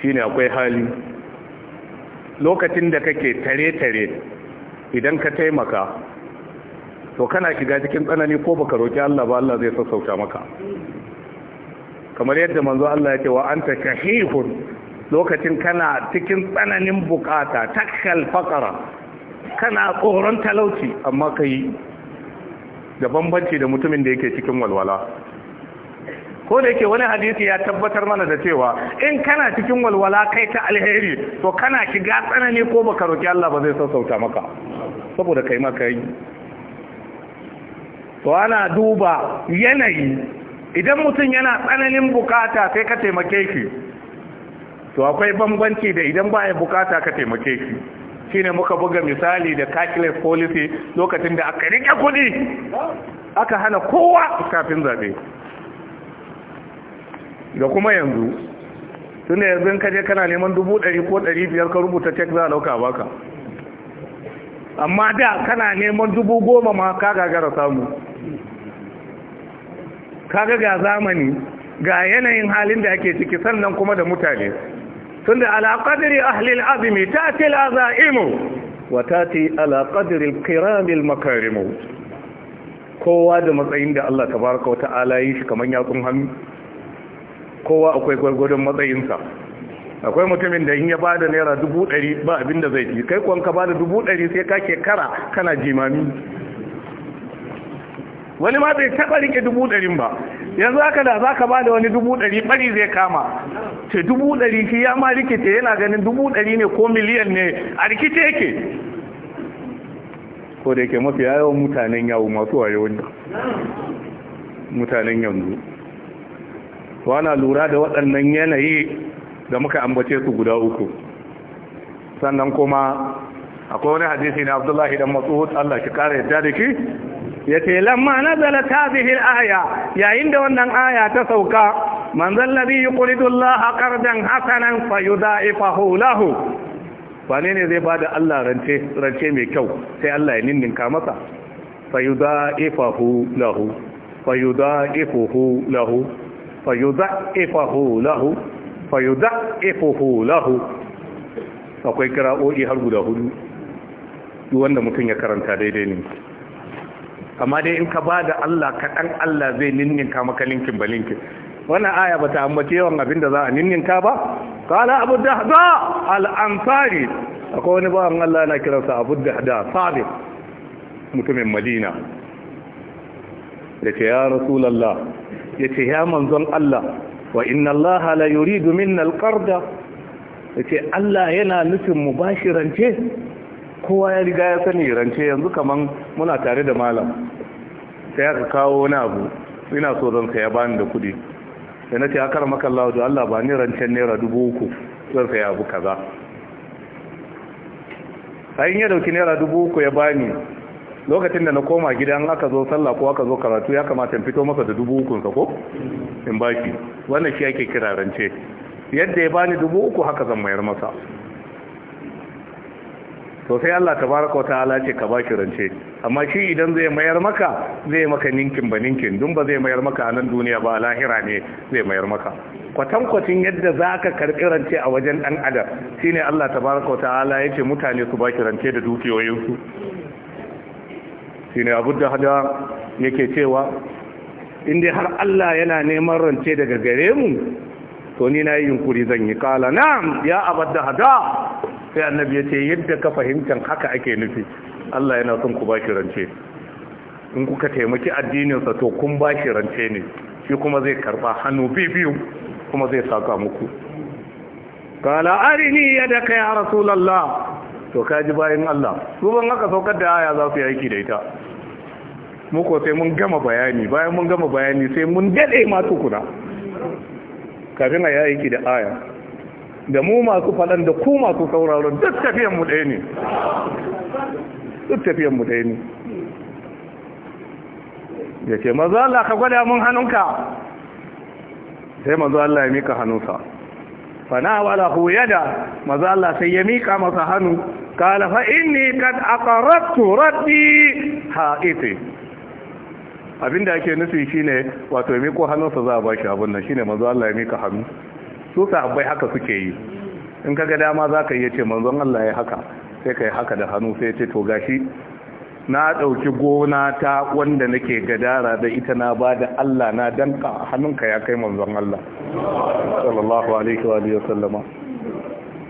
shi ne akwai hali lokacin da kake tare-tare idan ka taimaka to kana shiga cikin tsanani ko baka roƙi Allah ba Allah zai sassauta maka kamar yadda manzo Allah ya ce wa anta shahihun lokacin kana cikin tsananin bukata ta kalfakara kana tsoron talauci amma ka yi da bambanci da mutumin da yake cikin walwala ko da yake wani hadisi ya tabbatar mana da cewa in kana cikin walwala kai ta alheri to kana shiga tsanani ko baka roki Allah ba zai sassauta maka saboda kai ma yi to ana duba yanayi idan mutum yana tsananin bukata sai ka taimake shi to akwai bambanci da idan ba ya bukata ka taimake shi shine muka buga misali da cashless policy lokacin da aka rike kudi aka hana kowa kafin zabe da kuma yanzu tunda yanzu ka je kana neman dubu ɗari ko ɗari biyar ka rubuta cek za a dauka baka amma da kana neman dubu goma ma ka gagara samu Ka ga zamani ga yanayin halin da ake ciki sannan kuma da mutane tunda ala qadri ahli al-azmi ta'ti al-azaimu wa ta'ti ala qadri al-kiram al-makarim kowa da matsayin da Allah tabaraka wata'ala yi shi kaman yatsun hannu kowa akwai gwargwadon matsayinsa akwai mutumin da in ya bada naira dubu ɗari ba abinda zai ci kai ba bada dubu ɗari sai kake kara kana jimami wani ma bai taɓa rike dubu ɗari ba yanzu haka da za ka ba da wani dubu ɗari ɓari zai kama ce dubu ɗari shi ya ma rikice yana ganin dubu ɗari ne ko miliyan ne a rikice yake ko da yake mafi yawon mutanen yawo masu waye wanda mutanen yanzu wana lura da waɗannan yanayi da muka ambace su guda uku sannan kuma akwai wani hadisi na abdullahi dan matsuhu Allah ki kare yadda da ki ya ce lamma zala ta al-aya yayin da wannan aya ta sauka man zallabi yuqridu Allah qardan hasanan fayudaifahu lahu wane ne zai bada Allah rance mai kyau sai Allah ya ninninka masa fayudaifahu lahu fayudaifuhu lahu fayudaifahu lahu fayudaifuhu lahu akwai kira'o'i har guda hudu wanda mutum ya karanta daidai ne amma dai in ka bada Allah kaɗan Allah zai ninninka maka linkin ba linkin wannan aya ba ta ambace yawan abin da za a ninninka ba kala abu dahda al'amfari akwai wani bawan Allah yana kiransa abu dahda sabi mutumin madina da ce ya rasulallah ya ce ya manzon Allah wa inna Allah la yuridu minna al Ya ce Allah yana nufin mu bashirance kowa ya riga ya sani rance yanzu kaman muna tare da malam sai aka kawo wani abu ina so zan saya bani da kuɗi sai na ce akar makallawa da Allah ba ni rancen naira dubu uku zan saya abu kaza sai ya dauki naira dubu uku ya bani lokacin da na koma gida an aka zo sallah ko aka zo karatu ya kamata in fito masa da dubu uku sa ko in baki wannan shi ake kira rance yadda ya bani dubu uku haka zan mayar masa to sai Allah tabaraka ta'ala ce ka baki rance amma shi idan zai mayar maka zai maka ninkin ba ninkin dun ba zai mayar maka a nan duniya ba lahira ne zai mayar maka kwatan kwatankwacin yadda za ka karɓi rance a wajen ɗan adam shine Allah tabaraka ta'ala ya ce mutane su baki rance da dukiyoyinsu shine abu da hada yake cewa inda har Allah yana neman rance daga gare mu to ni na yi yunkuri zan yi kala na'am ya abadda hada sai annabi ya ce yadda ka fahimtan haka ake nufi Allah yana son ku bashi rance in kuka taimaki addinin addininsa to kun bashi rance ne shi kuma zai karba hannu biyu kuma zai saka muku kala arini yadaka ya rasulullah to kaji bayan Allah su ban haka saukar da aya za su yi aiki da ita muku sai mun gama bayani bayan mun gama bayani sai mun dade ma tukuna kafin a yi aiki da aya da mu masu faɗan da ku masu sauraron duk tafiyanmu ɗaya ne duk tafiyanmu ɗaya ne ya ce mazu Allah ka gwada mun hannunka sai mazu Allah ya mika hannunsa fana wala huyada mazu Allah sai ya mika masa hannu kala fa inni kad aqarratu rabbi haqiti abinda ake nufi shine wato ya miko hannunsa za a bashi abin nan shine mazu Allah ya mika hannu su sahabbai haka suke yi in kaga dama za ka iya ce manzon Allah ya haka sai ka yi haka da hannu sai ce to gashi na ɗauki gona ta wanda nake gadara da ita na ba da Allah na danka hannunka ya kai manzon Allah sallallahu alaihi wa alihi wasallama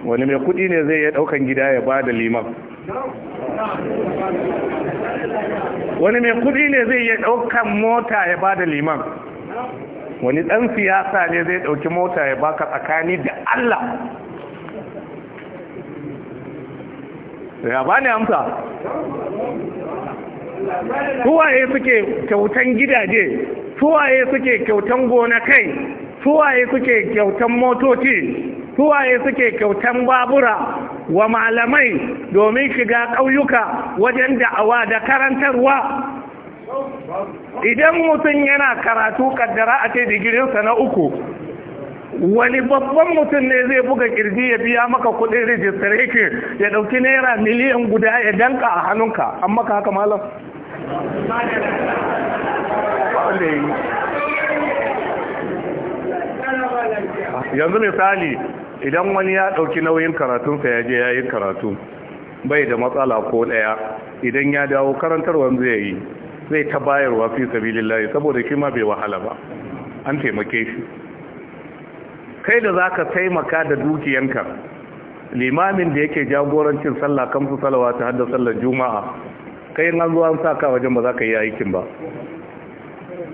wani mai kudi ne zai ya daukan gida ya ba da liman wani mai kudi ne zai ya daukan mota ya ba da liman wani ɗan siyasa ne zai ɗauki mota ya baka tsakani da Allah ya ba ne amsa tuwaye suke kyautan gidaje tuwaye suke kyautan gonakai tuwaye suke kyautan motoci tuwaye suke kyautan babura wa malamai domin shiga ƙauyuka wajen da'awa da karantarwa idan mutum yana karatu kaddara a ce digirinsa na uku wani babban mutum ne zai buga kirji ya biya maka kudin registration ya dauki naira miliyan guda ya danka a hannunka an maka haka malam yanzu misali idan wani ya dauki nauyin karatunsa ya je ya yi karatu bai da matsala ko daya idan ya dawo karantarwa zai yi zai ta bayarwa fi sabilillahi saboda shi ma bai wahala ba an taimake shi kai da zaka taimaka da dukiyanka limamin da yake jagorancin sallah kan su salawa ta hadda sallar juma'a kai an zo an ka wajen ba za ka yi aikin ba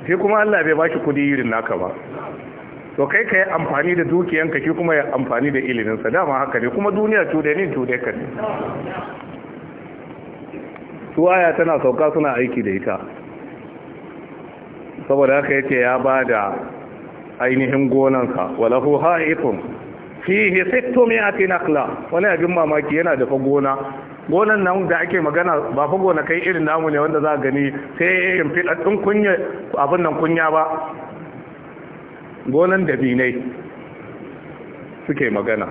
shi kuma Allah bai baki kudi irin naka ba to kai ka yi amfani da dukiyanka shi kuma ya amfani da iliminsa dama haka ne kuma duniya tude ne tude ka ne su aya tana sauka suna aiki da ita saboda haka yake ya ba da ainihin gonansa walahu ha'ifun fihi sittu mi'ati nakla wani abin mamaki yana da gona gonan nan da ake magana ba fa gona kai irin namu ne wanda za gani sai irin fiɗaɗɗun kunya abin nan kunya ba gonan da binai suke magana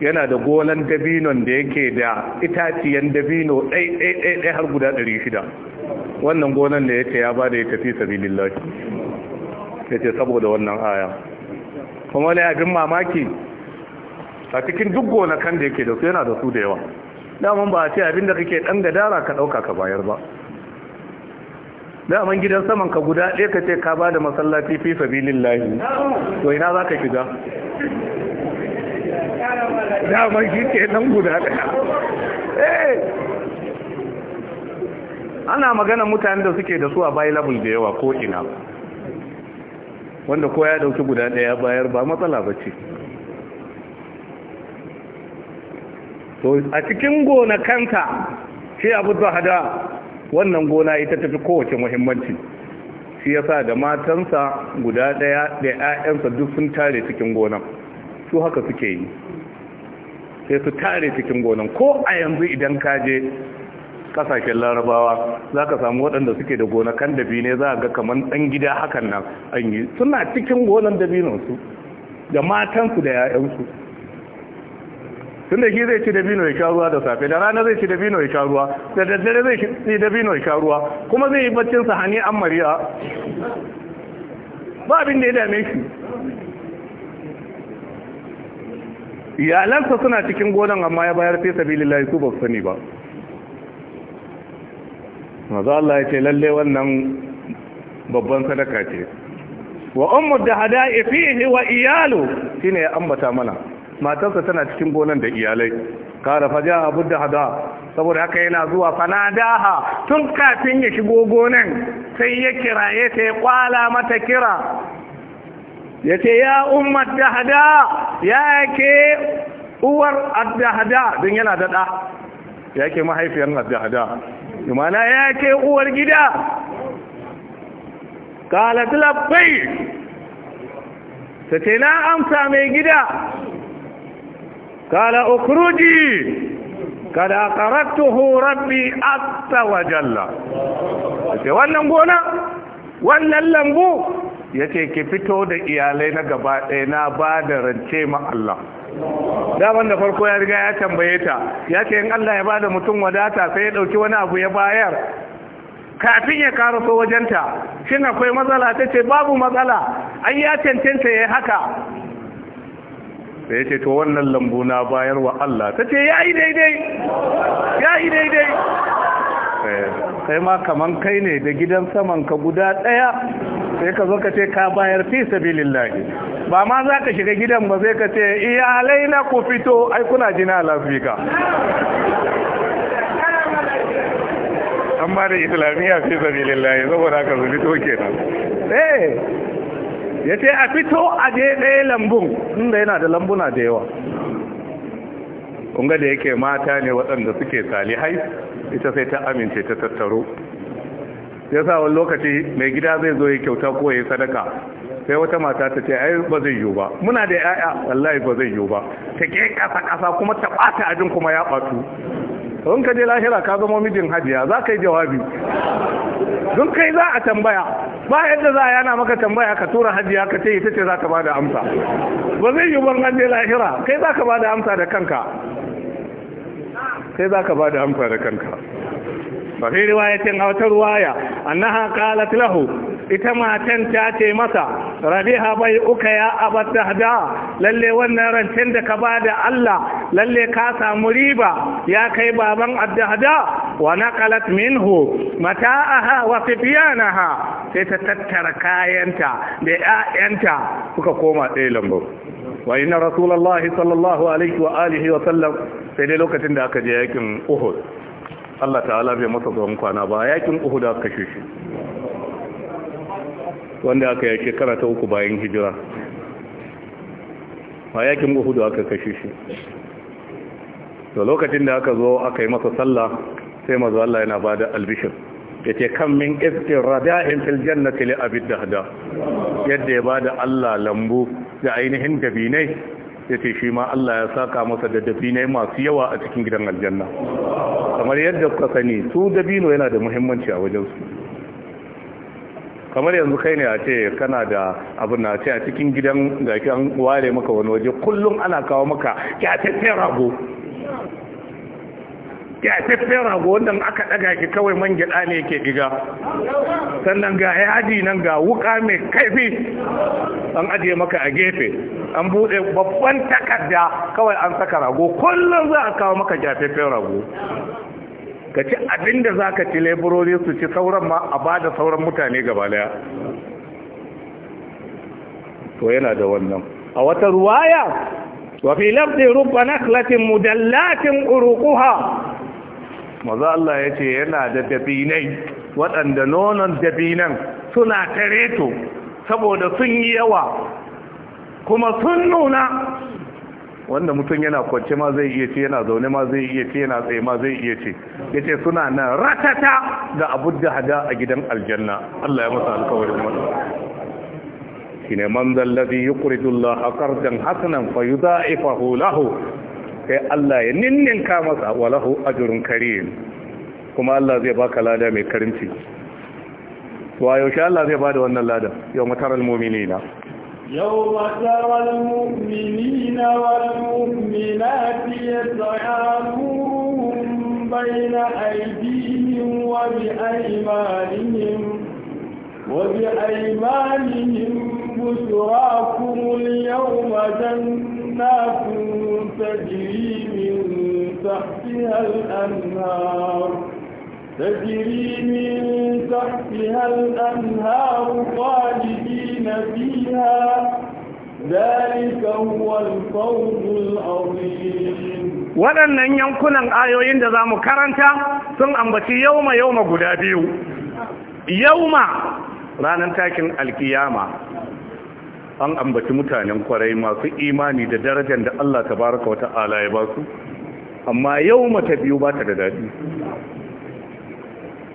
yana da gonan dabinon da yake da itaciyan dabino ɗai-ɗai-ɗai har guda ɗari shida wannan gonan da yake ya ba da ya tafi sabilin lafi ya ce saboda wannan aya kuma wani abin mamaki a cikin duk gonakan da yake da su yana da su da yawa daman ba a ce abin da kake ɗan gadara ka ɗauka ka bayar ba daman gidan saman ka guda ɗaya ka ce ka ba da masallaci fi sabilin lafi to ina za ka shiga shi ke nan guda daya eh! ana magana mutane da suke da su a available da yawa ko ina wanda koya dauki guda daya bayar ba matsala ba ce a cikin gona kanta shi abu hada wannan gona ita tafi kowace muhimmanci shi ya sa da matansa guda daya da 'ya'yansa duk sun tare cikin gona, su haka suke yi sai su tare cikin gonan ko a yanzu idan ka je kasashen larabawa za ka samu waɗanda suke da gonakan ne za a ga kamar ɗan gida hakan nan an yi suna cikin gonan dabinansu da matansu da 'ya'yansu tun da shi zai ci dabino ya sha ruwa da safe da rana zai ci dabino ya sha ruwa da daddare zai ci dabino ya sha ruwa kuma zai yi baccinsa hannu an mariya ba abin da ya dame shi iyalansa suna cikin gonan amma ya bayar fesa bililai su ba su sani ba maza Allah ya ce lalle wannan babban sadaka ce wa ummu da hada'i fihi wa iyalu shine ya ambata mana matarsa tana cikin gonan da iyalai kara faja abu da hada saboda haka yana zuwa fanadaha tun kafin ya shigo gonan sai ya kira ya ya kwala mata kira ya ce ya umar da hada yake uwar addahada don yana da da ya ke mahaifiyar addahada imana ya ke uwar gida Kala labbai ta ce na amsa mai gida kala ukuruji kada qaratuhu rabbi atta wa jalla wannan gona wannan lambu ya ce ki fito da iyalai na gaba ɗaya na ba da rance ma Allah daman da farko ya riga ya tambaye ta ya ce in Allah ya ba da mutum wadata sai ya ɗauki wani abu ya bayar kafin ya karaso wajenta shin akwai matsala ta ce babu matsala an ya cancanta ya haka da ya ce to wannan lambu na bayar wa Allah ta ce ya yi daidai ya yi daidai kai ma kaman kai ne da gidan saman ka guda daya sai ka zo ka ce ka bayar fi sabilillahi ba ma za ka shiga gidan ba sai ka ce iyalai na ku fito ai kuna jina lafika an ba da islamiyya fi sabilillahi saboda ka zuri to kenan eh ya ce a fito a je ɗaya lambun inda yana da lambuna da yawa ƙunga da yake mata ne waɗanda suke salihai ita sai ta amince ta tattaro ya sa wani lokaci mai gida zai zo ya kyauta ko ya sadaka sai wata mata ta ce ai ba zai yiwu ba muna da yaya wallahi ba zai yiwu ba ta ke kasa kasa kuma ta bata ajin kuma ya batu don ka je lahira ka zama mijin hajiya za ka yi jawabi don kai za a tambaya ba yadda za a yana maka tambaya ka tura hajiya ka ce ita ce za ka ba da amsa ba zai yi ban an lahira kai za ka ba da amsa da kanka Sai za ka ba da amfa da kanka fafi riwayatin a wata ruwaya annaha qalat lahu ita matan ta ce masa rabiha bai uka ya abatta hada lalle wannan rancen da ka bada Allah lalle ka samu riba ya kai baban addahda wa naqalat minhu mata'aha wa sifyanaha sai ta tattara kayanta da 'ya'yanta suka koma ɗaya lambar. wa inna rasulullahi sallallahu alaihi wa alihi wa sallam sai dai lokacin da aka je yakin uhud Allah ta'ala bai masa zuwan kwana ba yakin uhud aka kashe shi wanda aka yi shekara ta uku bayan hijira a yakin uhud aka kashe shi to lokacin da aka zo aka yi masa sallah sai mazu Allah yana ba da albishir ya ce kan min iskin rada'in fil jannati li abid dahda yadda ya ba da Allah lambu da ainihin dabinai ce shi ma Allah ya saka masa da dabinai masu yawa a cikin gidan aljanna kamar yadda kuka sani su dabino yana da muhimmanci a wajensu kamar yanzu kai ne a ce kana da abin na ce a cikin gidan da an ware maka wani waje kullum ana kawo maka kyatattun rago ya feffen rago wannan aka daga shi kawai man gyaɗa ne yake diga sannan ga yaji nan ga wuka mai kaifi an ajiye maka a gefe an bude babban takarda kawai an saka rago kullum za a kawo maka jafeffen rago ka ci abinda za ka ci laborori su ci sauran ma a bada sauran mutane gaba daya to yana da wannan a wata ruwaya wa fi lafzi rubba nakhlatin mudallatin uruquha maza Allah ya ce yana da dabinai waɗanda nonon dabinan suna tare to saboda sun yi yawa kuma sun nuna wanda mutum yana kwance ma zai iya ce yana zaune ma zai iya ce yana tsaye ma zai iya ce ya ce suna nan ratata ga abu da hada a gidan aljanna Allah ya masa shi ne shine man zallabi yuqridu Allah qardan hasanan fa yudha'ifahu lahu Kai Allah ya ninninka masa walahu ajrun karim kuma Allah zai baka lada mai karimci wa yaushe Allah zai bada wannan lada Yau taral mu'minina يوم ترى المؤمنين والمؤمنات baina نورهم بين أيديهم وبأيمانهم وبأيمانهم بشراكم اليوم جنات تجري من تحتها الأنهار تجري من تحتها الأنهار خالدين فيها ذلك هو الفوز العظيم waɗannan yankunan ayoyin da za mu karanta sun ambaci yauma yauma guda biyu yauma ranar takin alkiyama an ambaci mutanen kwarai masu imani da darajar da Allah Ta baraka wata ala ya basu, amma yau mata biyu ba ta da daɗi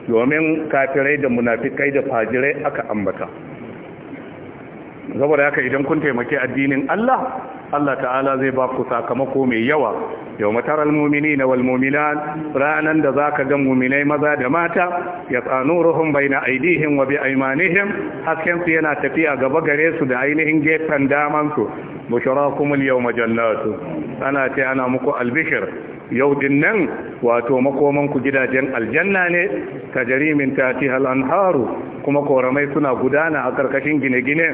domin kafirai da munafikai da fajirai aka ambata saboda haka idan kun taimaki addinin Allah Allah ta'ala zai ba ku sakamako mai yawa Yau taral mumini wal ranar ranan da zaka ga mu'minai maza da mata yatanuruhum baina aidihin wa bi aymanihim haskensu yana tafiya gaba gare su da ainihin gefen daman su yau yawma jannatu ana ce ana muku albishir yau din nan wato makoman ku gidajen aljanna ne tajrimin tatiha al-anharu kuma koramai suna gudana a karkashin gine-gine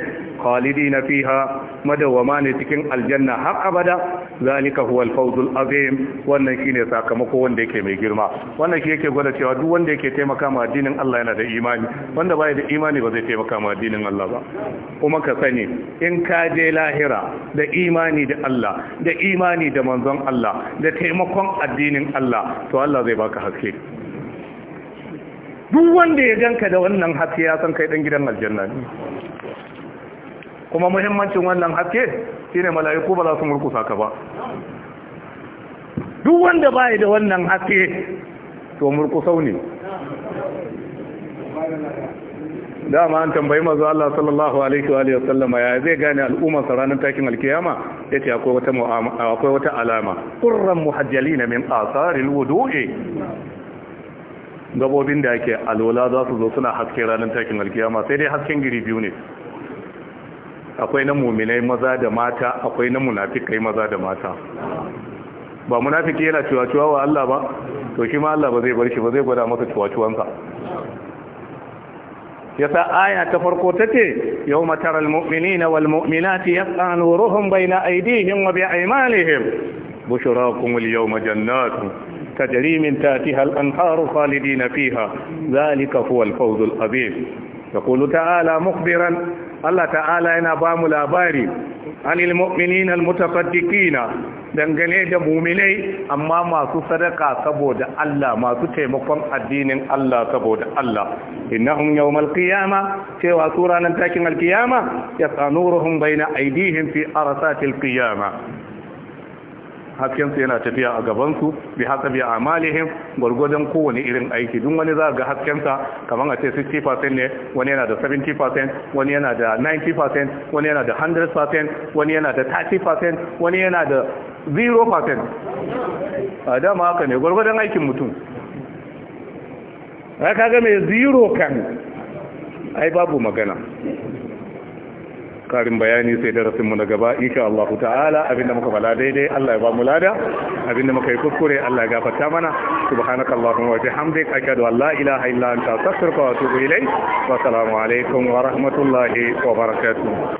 na fiha madawama ne cikin aljanna har abada zalika huwa al-fawzul azim wannan shine sakamako wanda yake mai girma wannan shi yake gwada cewa duk wanda yake taimaka ma addinin Allah yana da imani wanda baya da imani ba zai taimaka ma addinin Allah ba kuma ka sani in ka je lahira da imani da Allah da imani da manzon Allah da taimakon addinin Allah to Allah zai baka haske duk wanda ya ganka da wannan haske ya san kai dan gidan aljanna ne kuma muhimmancin wannan haske shine mala'iku ba za su murkusa ka ba duk wanda bai da wannan haske to murkusau ne dama an tambayi mazu Allah sallallahu alaihi wa sallama ya zai gane al'umma ranar takin alkiyama yace akwai wata akwai wata alama qurran na min asaril wudu'i gabobin da ake alwala za su zo suna haske ranar takin alkiyama sai dai hasken giri biyu ne akwai na muminai maza da mata akwai na munafikai maza da mata ba munafiki yana ciwaciwa wa Allah ba to shi ma Allah ba zai bar shi ba zai gwada masa ciwaciwansa يسا آية تفرقوتتي يوم ترى المؤمنين والمؤمنات يسعى نورهم بين أيديهم وبأيمانهم بشراكم اليوم جنات تجري من تاتها الأنهار خالدين فيها ذلك هو الفوز الأبيب يقول تعالى مخبرا الله تعالى ينبام الأباري عن المؤمنين المتصدقين dangane da muminai amma masu sadaka saboda Allah masu taimakon addinin Allah saboda Allah innahum yawmal qiyama cewa su ranar takin alkiyama yasanuruhum baina aydihim fi arsatil qiyama haskensu yana tafiya a gabansu bi hasabi amalihim gwargwadon kowane irin aiki duk wani za ga haskensa kamar a ce 60% ne wani yana da 70% wani yana da 90% wani yana da 100% wani yana da 30% wani yana da Zero percent a dama haka ne gwargwadon aikin mutum ya kaga mai zero kan ai babu magana karin bayani sai darasinmu na gaba ika Allah ta'ala abinda muka bala daidai Allah ya ba mu lada abinda muka yi kuskure Allah ya gafata mana subhanaka allahumma wa bihamdika ashhadu an la ilaha illa anta astaghfiruka wa atubu ilayk wa assalamu alaikum wa rahmatullahi wa barakatuh